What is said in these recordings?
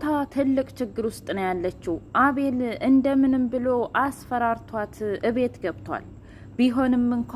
ዳታ ትልቅ ችግር ውስጥ ነው ያለችው። አቤል እንደምንም ብሎ አስፈራርቷት እቤት ገብቷል። ቢሆንም እንኳ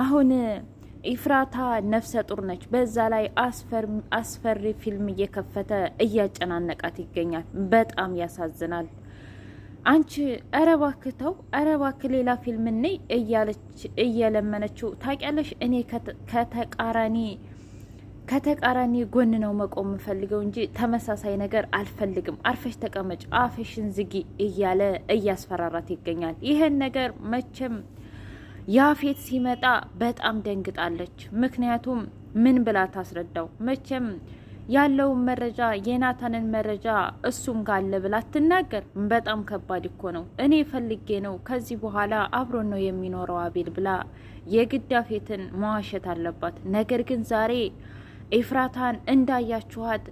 አሁን ኢፍራታ ነፍሰ ጡር ነች። በዛ ላይ አስፈሪ ፊልም እየከፈተ እያጨናነቃት ይገኛል። በጣም ያሳዝናል። አንቺ እረ እባክህ ተው፣ ኧረ እባክህ ሌላ ፊልም እኔ እያለች እየለመነችው ታውቂያለሽ፣ እኔ ከተቃራኒ ከተቃራኒ ጎን ነው መቆም የምፈልገው እንጂ ተመሳሳይ ነገር አልፈልግም። አርፈሽ ተቀመጭ፣ አፍሽን ዝጊ እያለ እያስፈራራት ይገኛል። ይህን ነገር መቼም ያፌት ሲመጣ በጣም ደንግጣለች። ምክንያቱም ምን ብላ ታስረዳው? መቼም ያለውን መረጃ የናታንን መረጃ እሱም ጋለ ብላ ትናገር። በጣም ከባድ እኮ ነው። እኔ ፈልጌ ነው ከዚህ በኋላ አብሮን ነው የሚኖረው አቤል ብላ የግዳፌትን መዋሸት አለባት። ነገር ግን ዛሬ ኤፍራታን እንዳያችኋት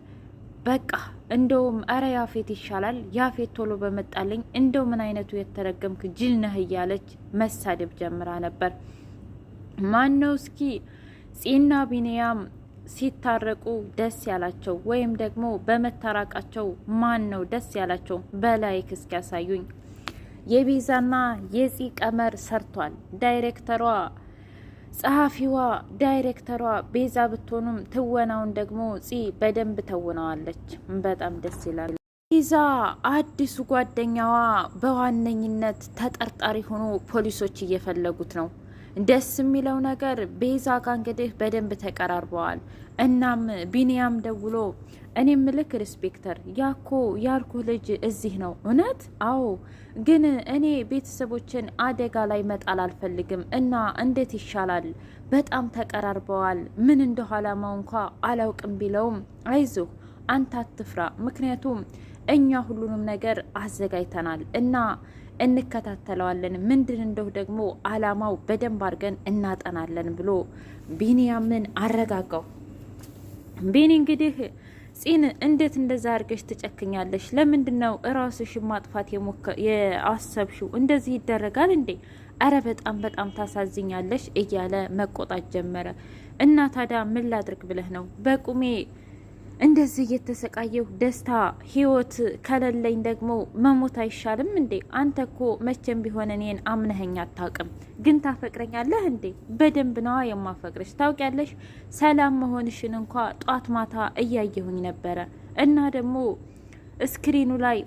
በቃ እንደውም እረ ያፌት ይሻላል፣ ያፌት ቶሎ በመጣልኝ እንደው ምን አይነቱ የተረገምክ ጅል ነህ እያለች መሳደብ ጀምራ ነበር። ማነው እስኪ ጺና ቢንያም ሲታረቁ ደስ ያላቸው ወይም ደግሞ በመታራቃቸው ማን ነው ደስ ያላቸው? በላይክ እስኪ ያሳዩኝ። የቤዛና የጺ ቀመር ሰርቷል ዳይሬክተሯ ጸሐፊዋ ዳይሬክተሯ ቤዛ ብትሆኑም ትወናውን ደግሞ ፂ በደንብ ተውነዋለች። በጣም ደስ ይላል። ቤዛ አዲሱ ጓደኛዋ በዋነኝነት ተጠርጣሪ ሆኖ ፖሊሶች እየፈለጉት ነው። ደስ የሚለው ነገር ቤዛ ጋር እንግዲህ በደንብ ተቀራርበዋል። እናም ቢንያም ደውሎ እኔ ምልክ ሪስፔክተር ያኮ ያልኩ ልጅ እዚህ ነው እውነት? አዎ፣ ግን እኔ ቤተሰቦችን አደጋ ላይ መጣል አልፈልግም እና እንዴት ይሻላል? በጣም ተቀራርበዋል። ምን እንደሆነ አላማው እንኳ አላውቅም ቢለውም አይዞህ አንተ አትፍራ፣ ምክንያቱም እኛ ሁሉንም ነገር አዘጋጅተናል እና እንከታተለዋለን። ምንድን እንደው ደግሞ አላማው በደንብ አድርገን እናጠናለን ብሎ ቢንያምን አረጋጋው። ቢኒ እንግዲህ ፂን እንዴት እንደዛ አድርገሽ ትጨክኛለሽ? ለምንድን ነው እራስሽ ማጥፋት የአሰብሽው? እንደዚህ ይደረጋል እንዴ? አረ በጣም በጣም ታሳዝኛለሽ እያለ መቆጣት ጀመረ። እና ታዲያ ምን ላድርግ ብለህ ነው በቁሜ እንደዚህ እየተሰቃየሁ ደስታ ህይወት ከሌለኝ ደግሞ መሞት አይሻልም እንዴ? አንተ እኮ መቼም ቢሆን እኔን አምነኸኝ አታውቅም፣ ግን ታፈቅረኛለህ እንዴ? በደንብ ነዋ የማፈቅርሽ። ታውቂያለሽ፣ ሰላም መሆንሽን እንኳ ጧት ማታ እያየሁኝ ነበረ እና ደግሞ ስክሪኑ ላይ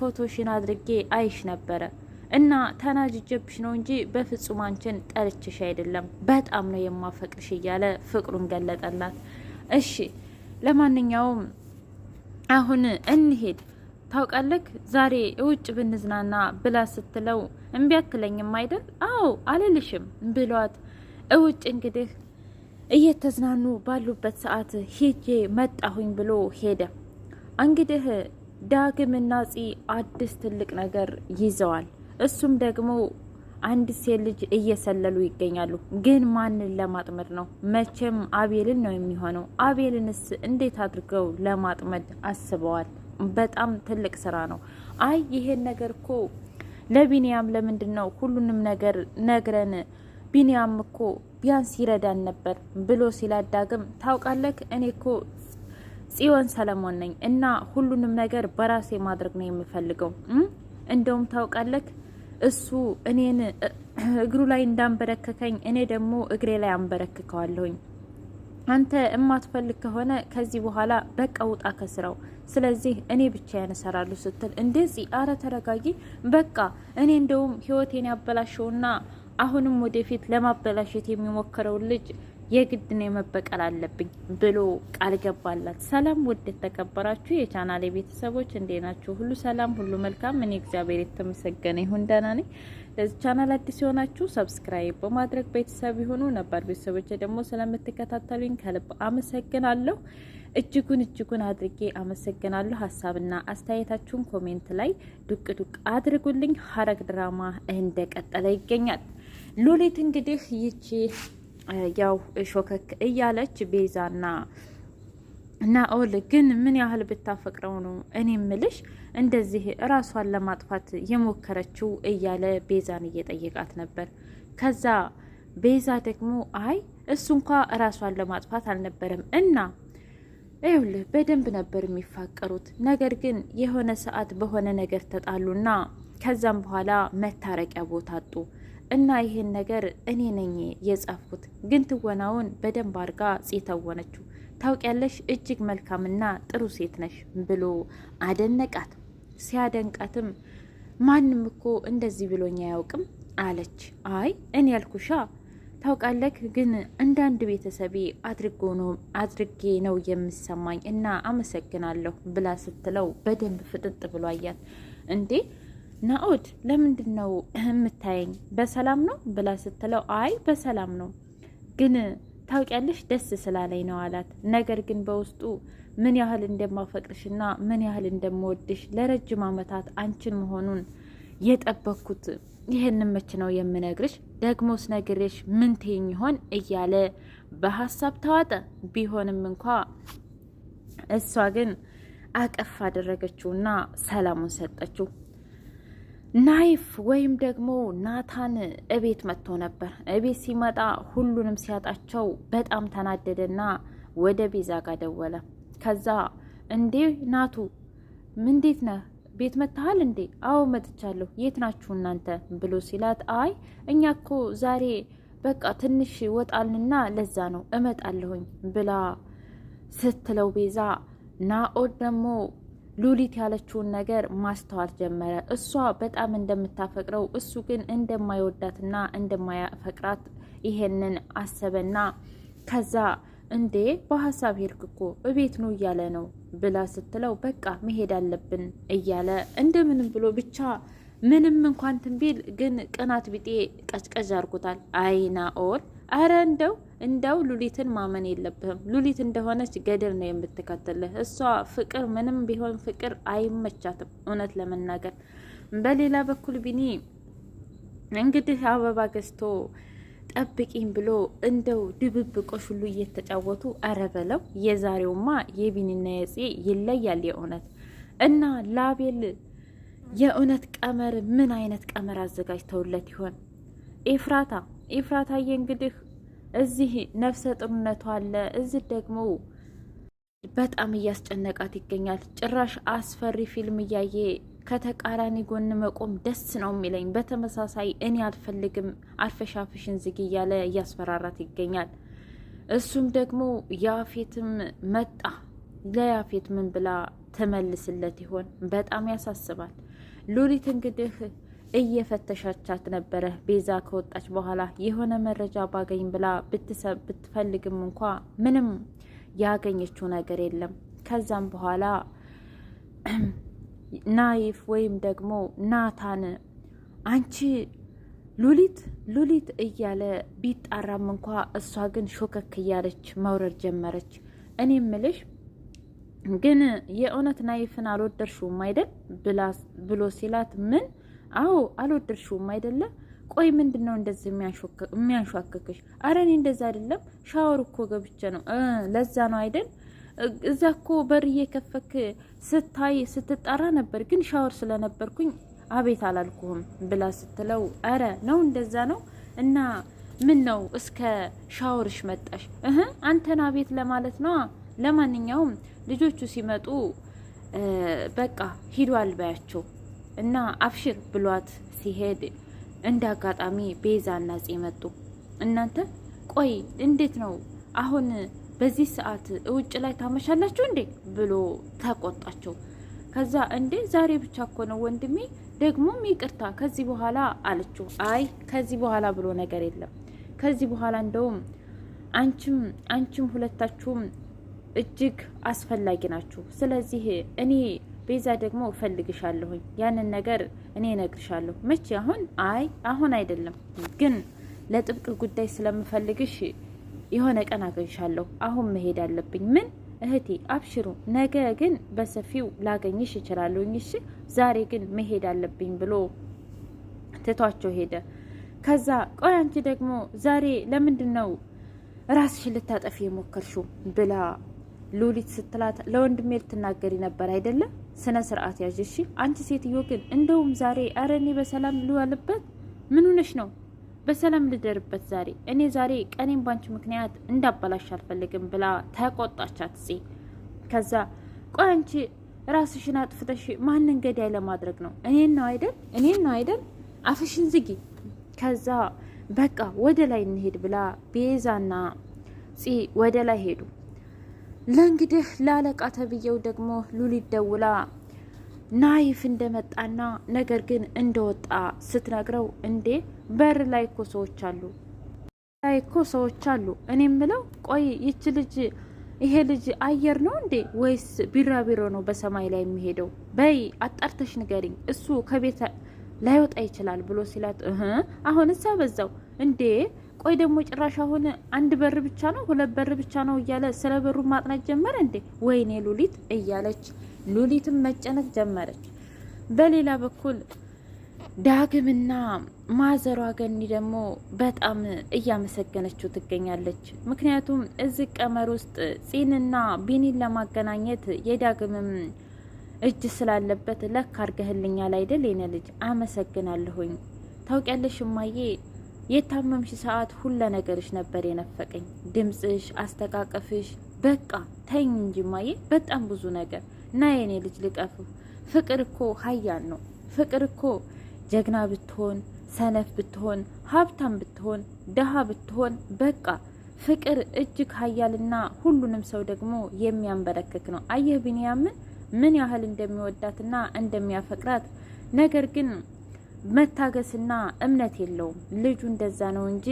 ፎቶሽን አድርጌ አይሽ ነበረ እና ተናጅጀብሽ ነው እንጂ በፍጹም አንቺን ጠልችሽ አይደለም፣ በጣም ነው የማፈቅርሽ እያለ ፍቅሩን ገለጠላት። እሺ ለማንኛውም አሁን እንሄድ ታውቃለህ፣ ዛሬ እውጭ ብንዝናና ብላ ስትለው እምቢ አትለኝም አይደል? አዎ አልልሽም ብሏት እውጭ እንግዲህ እየተዝናኑ ባሉበት ሰዓት ሄጄ መጣሁኝ ብሎ ሄደ። እንግዲህ ዳግምና ፂ አዲስ ትልቅ ነገር ይዘዋል። እሱም ደግሞ አንድ ሴት ልጅ እየሰለሉ ይገኛሉ። ግን ማንን ለማጥመድ ነው? መቼም አቤልን ነው የሚሆነው። አቤልንስ እንዴት አድርገው ለማጥመድ አስበዋል? በጣም ትልቅ ስራ ነው። አይ ይሄን ነገር እኮ ለቢንያም ለምንድን ነው ሁሉንም ነገር ነግረን ቢንያም እኮ ቢያንስ ይረዳን ነበር ብሎ ሲላዳግም ታውቃለህ፣ እኔ እኮ ጽዮን ሰለሞን ነኝ እና ሁሉንም ነገር በራሴ ማድረግ ነው የምፈልገው። እንደውም ታውቃለህ እሱ እኔን እግሩ ላይ እንዳንበረከከኝ እኔ ደግሞ እግሬ ላይ አንበረክከዋለሁኝ። አንተ እማትፈልግ ከሆነ ከዚህ በኋላ በቃ ውጣ ከስራው። ስለዚህ እኔ ብቻዬን እሰራለሁ ስትል እንደዚህ፣ አረ ተረጋጊ፣ በቃ እኔ እንደውም ህይወቴን ያበላሸውና አሁንም ወደፊት ለማበላሸት የሚሞክረውን ልጅ የግድ ነው መበቀል አለብኝ ብሎ ቃል ገባላት። ሰላም ውድ የተከበራችሁ የቻናል ቤተሰቦች እንዴት ናችሁ? ሁሉ ሰላም፣ ሁሉ መልካም። እኔ እግዚአብሔር የተመሰገነ ይሁን ደህና ነኝ። ለዚህ ቻናል አዲስ የሆናችሁ ሰብስክራይብ በማድረግ ቤተሰብ የሆኑ ነባር ቤተሰቦች ደግሞ ስለምትከታተሉኝ ከልብ አመሰግናለሁ። እጅጉን እጅጉን አድርጌ አመሰግናለሁ። ሀሳብና አስተያየታችሁን ኮሜንት ላይ ዱቅ ዱቅ አድርጉልኝ። ሀረግ ድራማ እንደቀጠለ ይገኛል። ሉሊት እንግዲህ ይቺ ያው ሾከክ እያለች ቤዛና ኦል ግን ምን ያህል ብታፈቅረው ነው እኔ ምልሽ እንደዚህ እራሷን ለማጥፋት የሞከረችው እያለ ቤዛን እየጠየቃት ነበር። ከዛ ቤዛ ደግሞ አይ እሱ እንኳ እራሷን ለማጥፋት አልነበረም እና ይኸውልህ በደንብ ነበር የሚፋቀሩት። ነገር ግን የሆነ ሰዓት በሆነ ነገር ተጣሉና ከዛም በኋላ መታረቂያ ቦታ አጡ። እና ይህን ነገር እኔ ነኝ የጻፍኩት፣ ግን ትወናውን በደንብ አድርጋ ሴተወነችው። ታውቂያለሽ እጅግ መልካምና ጥሩ ሴት ነሽ ብሎ አደነቃት። ሲያደንቃትም ማንም እኮ እንደዚህ ብሎኝ አያውቅም አለች። አይ እኔ ያልኩሻ ታውቃለህ፣ ግን እንደ አንድ ቤተሰቤ አድርጌ ነው የምሰማኝ እና አመሰግናለሁ ብላ ስትለው በደንብ ፍጥጥ ብሎ አያት። እንዴ ናኦድ ለምንድን ነው የምታየኝ? በሰላም ነው ብላ ስትለው አይ በሰላም ነው ግን ታውቂያለሽ ደስ ስላለኝ ነው አላት። ነገር ግን በውስጡ ምን ያህል እንደማፈቅርሽና ምን ያህል እንደምወድሽ ለረጅም ዓመታት አንቺን መሆኑን የጠበኩት ይህን መች ነው የምነግርሽ? ደግሞስ ነግሬሽ ምን ትይኝ ይሆን እያለ በሀሳብ ተዋጠ። ቢሆንም እንኳ እሷ ግን አቀፍ አደረገችውና ሰላሙን ሰጠችው። ናይፍ ወይም ደግሞ ናታን እቤት መጥቶ ነበር። እቤት ሲመጣ ሁሉንም ሲያጣቸው በጣም ተናደደና ወደ ቤዛ ጋር ደወለ። ከዛ እንዴ ናቱ እንዴት ነህ? ቤት መጥተሃል እንዴ? አዎ መጥቻለሁ። የት ናችሁ እናንተ ብሎ ሲላት፣ አይ እኛ እኮ ዛሬ በቃ ትንሽ ወጣልንና ለዛ ነው እመጣለሁኝ ብላ ስትለው ቤዛ ናኦድ ደግሞ ሉሊት ያለችውን ነገር ማስተዋል ጀመረ። እሷ በጣም እንደምታፈቅረው እሱ ግን እንደማይወዳትና እንደማያፈቅራት ይሄንን አሰበና ከዛ እንዴ በሀሳብ ሄድክ እኮ እቤት ነው እያለ ነው ብላ ስትለው በቃ መሄድ አለብን እያለ እንደምንም ብሎ ብቻ ምንም እንኳን ትንቢል ግን ቅናት ቢጤ ቀጭቀዥ አድርጎታል። አይና ኦል አረ እንደው እንደው ሉሊትን ማመን የለብህም። ሉሊት እንደሆነች ገደል ነው የምትከተልህ። እሷ ፍቅር ምንም ቢሆን ፍቅር አይመቻትም፣ እውነት ለመናገር በሌላ በኩል ቢኒ እንግዲህ አበባ ገዝቶ ጠብቂም ብሎ እንደው ድብብቆሽ ሁሉ እየተጫወቱ አረ በለው። የዛሬውማ የቢኒና የፄ ይለያል የእውነት እና ላቤል የእውነት ቀመር ምን አይነት ቀመር አዘጋጅተውለት ይሆን? ኤፍራታ ኤፍራታዬ እንግዲህ እዚህ ነፍሰ ጥሩነቷ አለ። እዚህ ደግሞ በጣም እያስጨነቃት ይገኛል። ጭራሽ አስፈሪ ፊልም እያየ ከተቃራኒ ጎን መቆም ደስ ነው የሚለኝ። በተመሳሳይ እኔ አልፈልግም፣ አልፈሻፍሽን ዝግ እያለ እያስፈራራት ይገኛል። እሱም ደግሞ ያፌትም መጣ። ለያፌት ምን ብላ ትመልስለት ይሆን? በጣም ያሳስባል። ሉሊት እንግዲህ እየፈተሻቻት ነበረ። ቤዛ ከወጣች በኋላ የሆነ መረጃ ባገኝ ብላ ብትፈልግም እንኳ ምንም ያገኘችው ነገር የለም። ከዛም በኋላ ናይፍ ወይም ደግሞ ናታን አንቺ ሉሊት ሉሊት እያለ ቢጣራም እንኳ እሷ ግን ሾከክ እያለች መውረድ ጀመረች። እኔ ምልሽ ግን የእውነት ናይፍን አልወደድሽውም አይደል ብሎ ሲላት ምን አዎ አልወደድሽውም አይደለም? ቆይ ምንድን ነው እንደዚህ የሚያንሿክክሽ? አረ እኔ እንደዛ አይደለም፣ ሻወር እኮ ገብቼ ነው። ለዛ ነው አይደል? እዛ እኮ በር እየከፈክ ስታይ ስትጠራ ነበር፣ ግን ሻወር ስለነበርኩኝ አቤት አላልኩህም ብላ ስትለው፣ አረ ነው እንደዛ ነው እና ምን ነው እስከ ሻወርሽ መጣሽ? እህ አንተን አቤት ለማለት ነው። ለማንኛውም ልጆቹ ሲመጡ በቃ ሂዱ አልባያቸው እና አፍሽር ብሏት ሲሄድ እንደ አጋጣሚ ቤዛና ጽ መጡ። እናንተ ቆይ እንዴት ነው አሁን በዚህ ሰዓት ውጭ ላይ ታመሻላችሁ እንዴ ብሎ ተቆጣቸው። ከዛ እንዴ ዛሬ ብቻ እኮ ነው ወንድሜ፣ ደግሞም ይቅርታ ከዚህ በኋላ አለችው። አይ ከዚህ በኋላ ብሎ ነገር የለም ከዚህ በኋላ እንደውም አንቺም አንቺም ሁለታችሁም እጅግ አስፈላጊ ናችሁ። ስለዚህ እኔ ቤዛ ደግሞ እፈልግሻለሁኝ ያንን ነገር እኔ እነግርሻለሁ። መቼ? አሁን አይ አሁን አይደለም ግን ለጥብቅ ጉዳይ ስለምፈልግሽ የሆነ ቀን አገኝሻለሁ። አሁን መሄድ አለብኝ። ምን እህቴ አብሽሩ፣ ነገ ግን በሰፊው ላገኝሽ እችላለሁኝ። እሺ ዛሬ ግን መሄድ አለብኝ ብሎ ትቷቸው ሄደ። ከዛ ቆይ አንቺ ደግሞ ዛሬ ለምንድን ነው ራስሽን ልታጠፊ የሞከርሽው ብላ ሉሊት ስትላት ለወንድሜ ልትናገሪ ነበር አይደለም? ስነ ስርዓት ያዥ እሺ። አንቺ ሴትዮ ግን እንደውም ዛሬ አረ እኔ በሰላም ልዋልበት። ምን ሆነሽ ነው? በሰላም ልደርበት ዛሬ። እኔ ዛሬ ቀኔን ባንቺ ምክንያት እንዳበላሽ አልፈልግም ብላ ተቆጣቻት ጽ ከዛ ቆይ አንቺ ራስሽን አጥፍተሽ ማንን ገዳይ ለማድረግ ነው? እኔን ነው አይደል? እኔን ነው አይደል? አፍሽን ዝጊ። ከዛ በቃ ወደ ላይ እንሄድ ብላ ቤዛና ጽ ወደ ላይ ሄዱ። ለእንግዲህ ለአለቃ ተብዬው ደግሞ ሉሊት ደውላ ናይፍ እንደመጣና ነገር ግን እንደወጣ ስትነግረው እንዴ በር ላይ እኮ ሰዎች አሉ፣ ላይ እኮ ሰዎች አሉ። እኔ ምለው ቆይ ይቺ ልጅ ይሄ ልጅ አየር ነው እንዴ ወይስ ቢራቢሮ ነው በሰማይ ላይ የሚሄደው? በይ አጣርተሽ ንገሪኝ፣ እሱ ከቤት ላይወጣ ይችላል ብሎ ሲላት፣ አሁን እሳ በዛው እንዴ ቆይ ደግሞ ጭራሽ አሁን አንድ በር ብቻ ነው ሁለት በር ብቻ ነው እያለ ስለ በሩ ማጥናት ጀመረ እንዴ? ወይኔ ሉሊት እያለች ሉሊትም መጨነቅ ጀመረች። በሌላ በኩል ዳግምና ማዘሯ ገኒ ደግሞ በጣም እያመሰገነችው ትገኛለች። ምክንያቱም እዚህ ቀመር ውስጥ ጺንና ቢኒን ለማገናኘት የዳግምም እጅ ስላለበት ለካ አድርገህልኛል አይደል? የኔ ልጅ አመሰግናለሁኝ። ታውቂያለሽ እማዬ የታመምሽ ሰዓት ሁለ ነገርሽ ነበር የነፈቀኝ። ድምፅሽ፣ አስተቃቀፍሽ፣ በቃ ተኝ እንጂ በጣም ብዙ ነገር ና የኔ ልጅ ልቀፍ። ፍቅር እኮ ሀያል ነው። ፍቅር እኮ ጀግና ብትሆን፣ ሰነፍ ብትሆን፣ ሀብታም ብትሆን፣ ደሃ ብትሆን፣ በቃ ፍቅር እጅግ ሀያልና ሁሉንም ሰው ደግሞ የሚያንበረክክ ነው። አየህ ቢንያምን ምን ያህል እንደሚወዳትና እንደሚያፈቅራት ነገር ግን መታገስና እምነት የለውም ልጁ። እንደዛ ነው እንጂ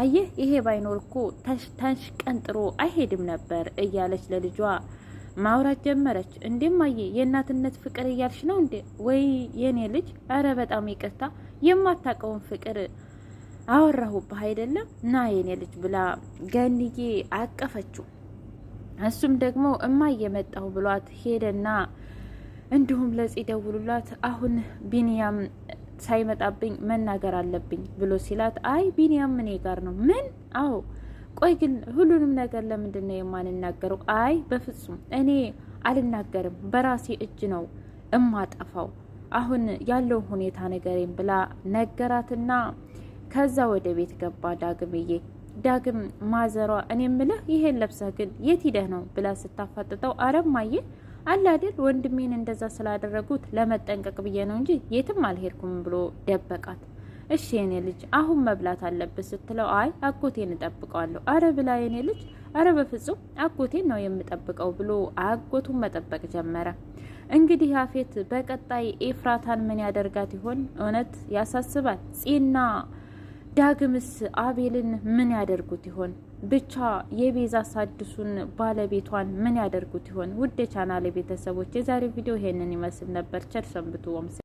አየህ፣ ይሄ ባይኖር እኮ ቀንጥሮ አይሄድም ነበር እያለች ለልጇ ማውራት ጀመረች። እንዴም አየ፣ የእናትነት ፍቅር እያልሽ ነው እንዴ? ወይ የኔ ልጅ፣ አረ በጣም ይቅርታ፣ የማታውቀውን ፍቅር አወራሁብህ አይደለም። ና የኔ ልጅ ብላ ገንዬ አቀፈችው። እሱም ደግሞ እማ እየመጣሁ ብሏት ሄደና እንዲሁም ለጽ ደውሉላት አሁን ቢንያም ሳይመጣብኝ መናገር አለብኝ ብሎ ሲላት፣ አይ ቢንያም እኔ ጋር ነው። ምን? አዎ። ቆይ ግን ሁሉንም ነገር ለምንድን ነው የማንናገረው? አይ በፍጹም እኔ አልናገርም፣ በራሴ እጅ ነው እማጠፋው አሁን ያለው ሁኔታ ነገሬን ብላ ነገራትና ከዛ ወደ ቤት ገባ ዳግምዬ። ዳግም ማዘሯ እኔ ምልህ ይሄን ለብሰህ ግን የት ሂደህ ነው ብላ ስታፋጥጠው አረማዬ አለ ወንድሜን እንደዛ ስላደረጉት ለመጠንቀቅ ብዬ ነው እንጂ የትም አልሄድኩም ብሎ ደበቃት። እሺ የኔ ልጅ አሁን መብላት አለብህ ስትለው አይ አጎቴን እጠብቀዋለሁ። አረ ብላ የኔ ልጅ፣ አረ በፍጹም አጎቴን ነው የምጠብቀው ብሎ አጎቱን መጠበቅ ጀመረ። እንግዲህ ያፌት በቀጣይ ኤፍራታን ምን ያደርጋት ይሆን? እውነት ያሳስባል። ጺና ዳግምስ አቤልን ምን ያደርጉት ይሆን? ብቻ የቤዛ ሳድሱን ባለቤቷን ምን ያደርጉት ይሆን? ውድ የቻናል ቤተሰቦች የዛሬ ቪዲዮ ይሄንን ይመስል ነበር። ቸር ሰንብቱ።